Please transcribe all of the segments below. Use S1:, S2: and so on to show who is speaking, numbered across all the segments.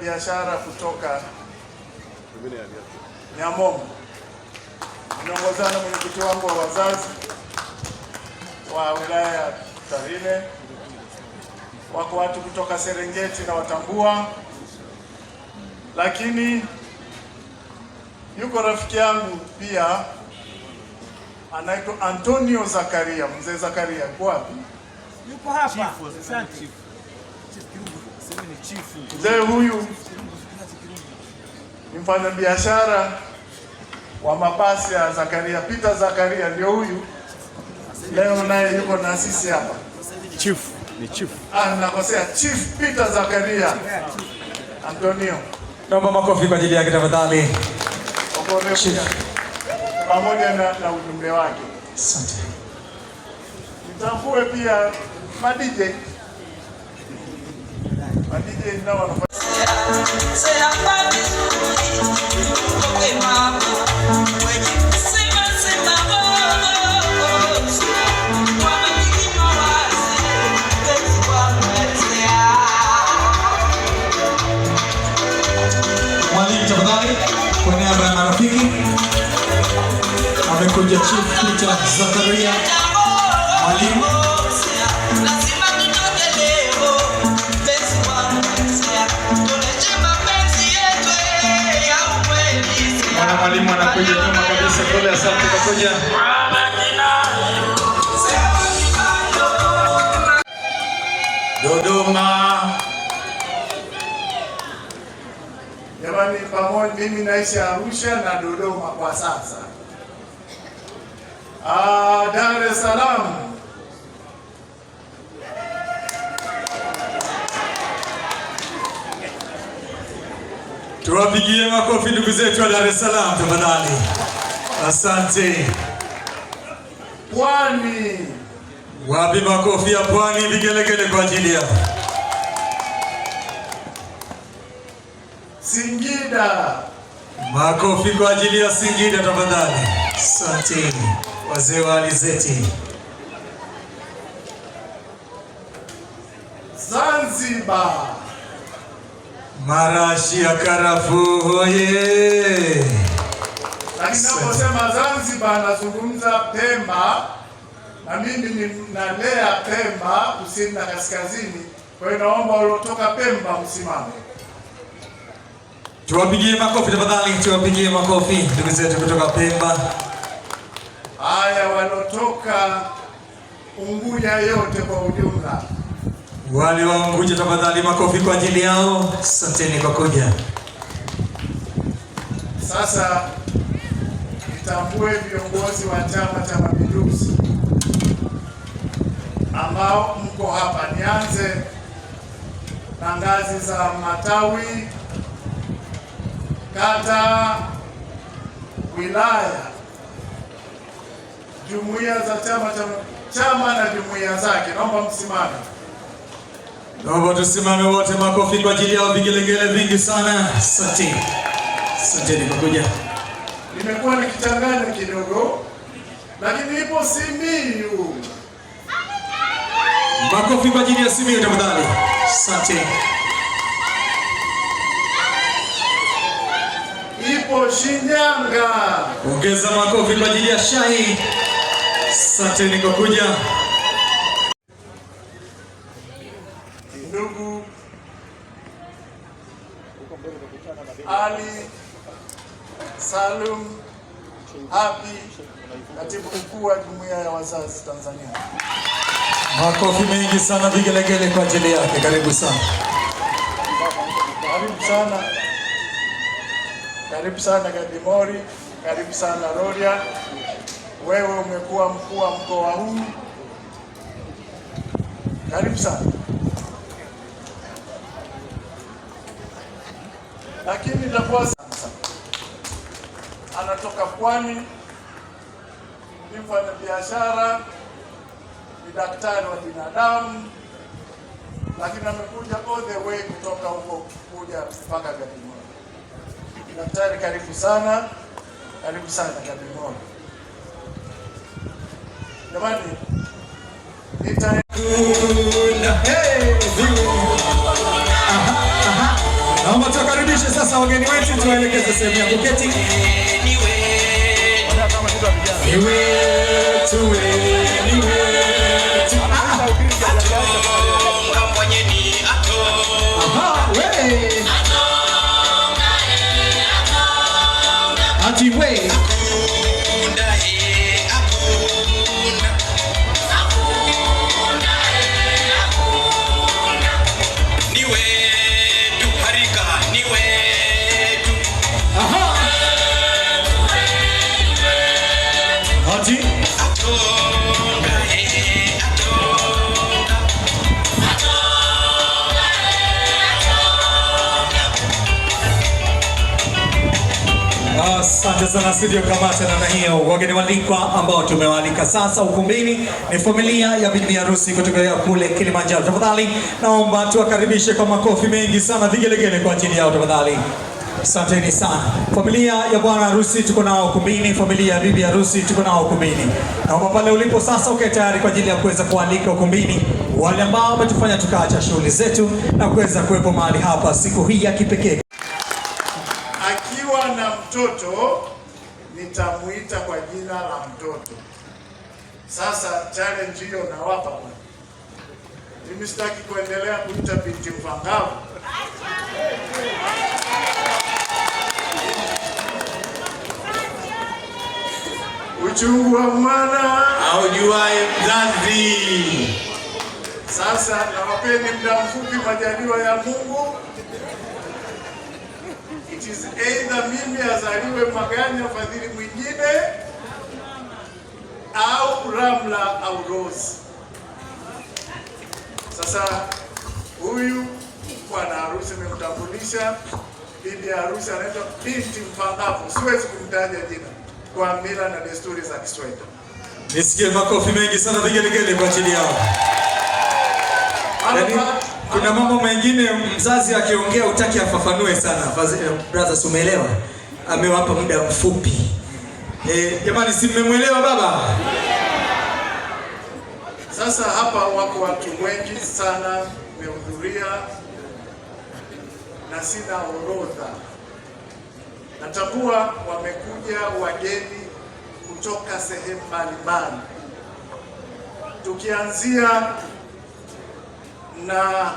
S1: biashara kutoka Nyamomo, niongozana na mwenyekiti wangu wa wazazi wa wilaya ya Tarime. Wako watu kutoka Serengeti na watambua, lakini yuko rafiki yangu pia anaitwa Antonio Zakaria, mzee Zakaria, kwa
S2: Yuko hapa.
S3: Asante.
S1: Mzee huyu ni mfanyabiashara wa mabasi ya Zakaria Peter Zakaria, ndio huyu leo naye yuko na sisi hapa.
S4: Chief ni chief,
S1: ah, nakosea, Chief Peter Zakaria Antonio.
S5: Naomba makofi kwa ajili yake tafadhali,
S1: pamoja na, na ujumbe wake. Asante. Nitambue pia madije DJ nao
S5: Chief Peter Zakaria mwalimu pole asante pamoja. Dodoma
S1: jamani, pamoja. Mimi naishi Arusha na Dodoma kwa sasa. Ah, Dar es Salaam
S5: Tuwapigie makofi ndugu zetu wa Dar es Salaam tafadhali. Asante.
S1: Pwani.
S5: Wapi makofi ya pwani, vigelegele kwa ajili ya
S1: Singida.
S5: Makofi kwa ajili ya Singida tafadhali. Asante wazee wa alizeti.
S1: Zanzibar.
S5: Marashi ya karafuu yeah.
S1: Ninaposema Zanzibar nazungumza Pemba, na mimi ninalea Pemba kusini na kaskazini. Kwa hiyo naomba waliotoka Pemba msimame,
S5: tuwapigie makofi tafadhali, tuwapigie makofi ndugu zetu kutoka Pemba.
S1: Haya, waliotoka Unguja yote kwa ujumla,
S5: wale wa Unguja tafadhali, makofi kwa ajili yao. Asanteni kwa kuja.
S1: Sasa mtambue viongozi wa Chama cha Mapinduzi ambao mko hapa. Nianze na ngazi za matawi, kata, wilaya, jumuiya za chama cha chama na jumuiya zake. Naomba msimame,
S5: naomba tusimame wote, makofi kwa ajili yao, vigelegele vingi sana. Asante, asanteni kwa kuja
S1: nimekuwa nikichanganya kidogo, lakini ipo Simiyu.
S5: Makofi kwa ajili ya Simiyu tafadhali. Asante.
S1: Ipo Shinyanga.
S5: Ongeza makofi kwa ajili ya Shai. Asante nikokuja.
S1: Ndugu Ali Salum Hapi, katibu mkuu wa jumuiya ya wazazi Tanzania.
S5: Makofi mengi sana, vigelegele kwa ajili yake. Karibu sana,
S1: karibu sana, karibu sana Gadimori, karibu sana roria Wewe umekuwa mkuu wa mkoa huu, karibu sana. Lakini itakuwa sana sana anatoka Pwani, ni biashara, ni daktari wa binadamu, lakini amekuja all the way kutoka huko kuja mpaka Bagamoyo. Daktari, karibu sana, karibu sana Bagamoyo. Jamani,
S5: Naomba tuwakaribishe sasa wageni wetu, tuwaelekeze sehemu ya kuketi. Ati we Asante sana studio Kamata na hiyo. Wageni walikwa ambao tumewaalika sasa ukumbini ni familia ya bibi harusi kutoka kule Kilimanjaro. Tafadhali naomba tuwakaribishe kwa makofi mengi sana, vigelegele kwa ajili yao tafadhali. Asanteni sana familia ya bwana harusi, tuko nao ukumbini. Familia ya bibi harusi, tuko nao ukumbini. Naomba pale ulipo sasa ukae tayari kwa ajili ya kuweza kualika ukumbini wale ambao wametufanya tukaacha shughuli zetu na kuweza kuwepo mahali hapa siku hii ya kipekee
S1: mtoto nitamuita kwa jina la mtoto. Sasa challenge hiyo nawapa bwana. Mimi sitaki kuendelea kuita binti Mpangavu. Uchungu wa mwana
S6: aujuae mzazi.
S1: Sasa nawapeni muda mfupi majaliwa ya Mungu. It is either mimi azaliwe Maganya mfadhili mwingine au Ramla au Rose. Sasa huyu bwana harusi nimemtambulisha, bibi harusi anaitwa binti Mpang'avu. Siwezi kumtaja jina kwa mila na desturi za Kiswahili.
S5: Nisikie makofi mengi sana vigelegele kwa ajili yao. Kuna mambo mengine mzazi akiongea utaki afafanue sana. Eh, brothers, umeelewa? Amewapa muda mfupi. Eh, jamani si mmemwelewa baba?
S1: Sasa hapa wako watu wengi sana wamehudhuria na sina orodha. Natambua wamekuja wageni kutoka sehemu mbalimbali. Tukianzia na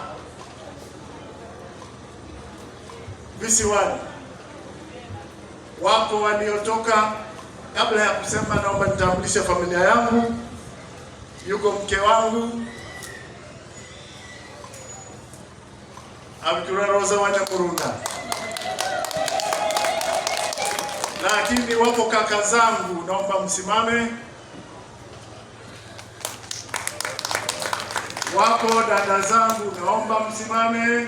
S1: visiwani. wako waliotoka. Kabla ya kusema, naomba nitambulishe familia yangu. Yuko mke wangu Abdura Rosa Wanyamuruna, lakini wapo kaka zangu, naomba msimame. wako dada zangu, naomba msimame.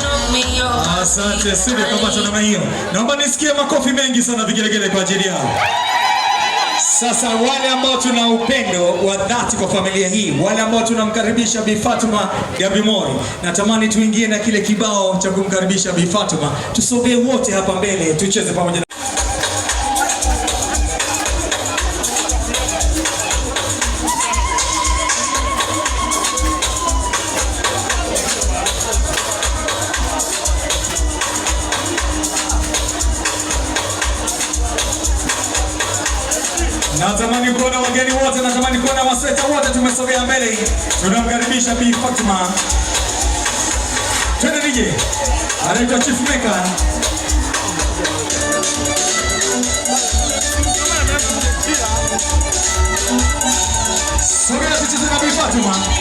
S1: Asante sibe kwa namna hiyo. Naomba nisikie makofi mengi sana vigelegele kwa ajili yao. Sasa wale ambao tuna upendo wa dhati kwa familia hii, wale ambao tunamkaribisha Bi Fatuma ya Bimori, natamani tuingie na kile kibao cha kumkaribisha Bi Fatuma, tusogee wote hapa mbele tucheze pamoja. Natamani kuona wageni wote, natamani kuona waseta wote, tumesogea mbele. Tunamkaribisha Bi Fatma. Tena nije. Anaitwa Chief Maker. Sogea tucheze na Bi Fatma.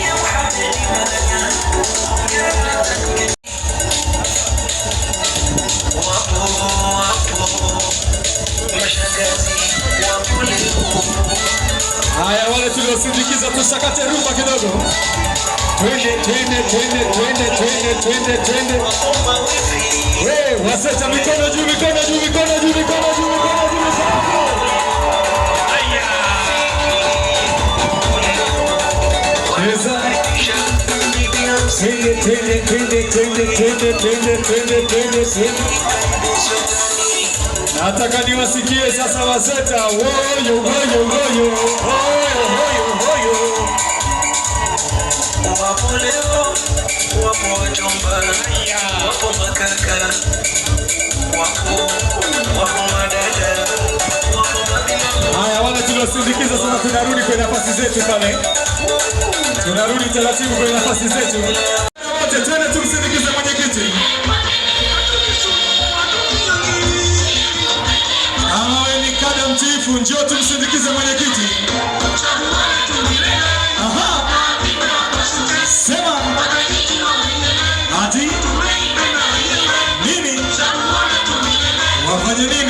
S1: Tukatakate rumba kidogo, twende twende twende twende twende twende twende. We waseta, mikono juu, mikono juu, mikono juu, mikono juu, mikono juu. Nataka niwasikie sasa waseta woyo woyo woyo woyo woyo woyo kwenye nafasi zetu pale, tunarudi taratibu kwenye nafasi zetu. Tena tumsindikize mwenyekiti awe ni kada mtiifu, njoo tumsindikize mwenyekiti. wafanye nini?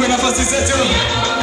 S1: tuchukue nafasi zetu.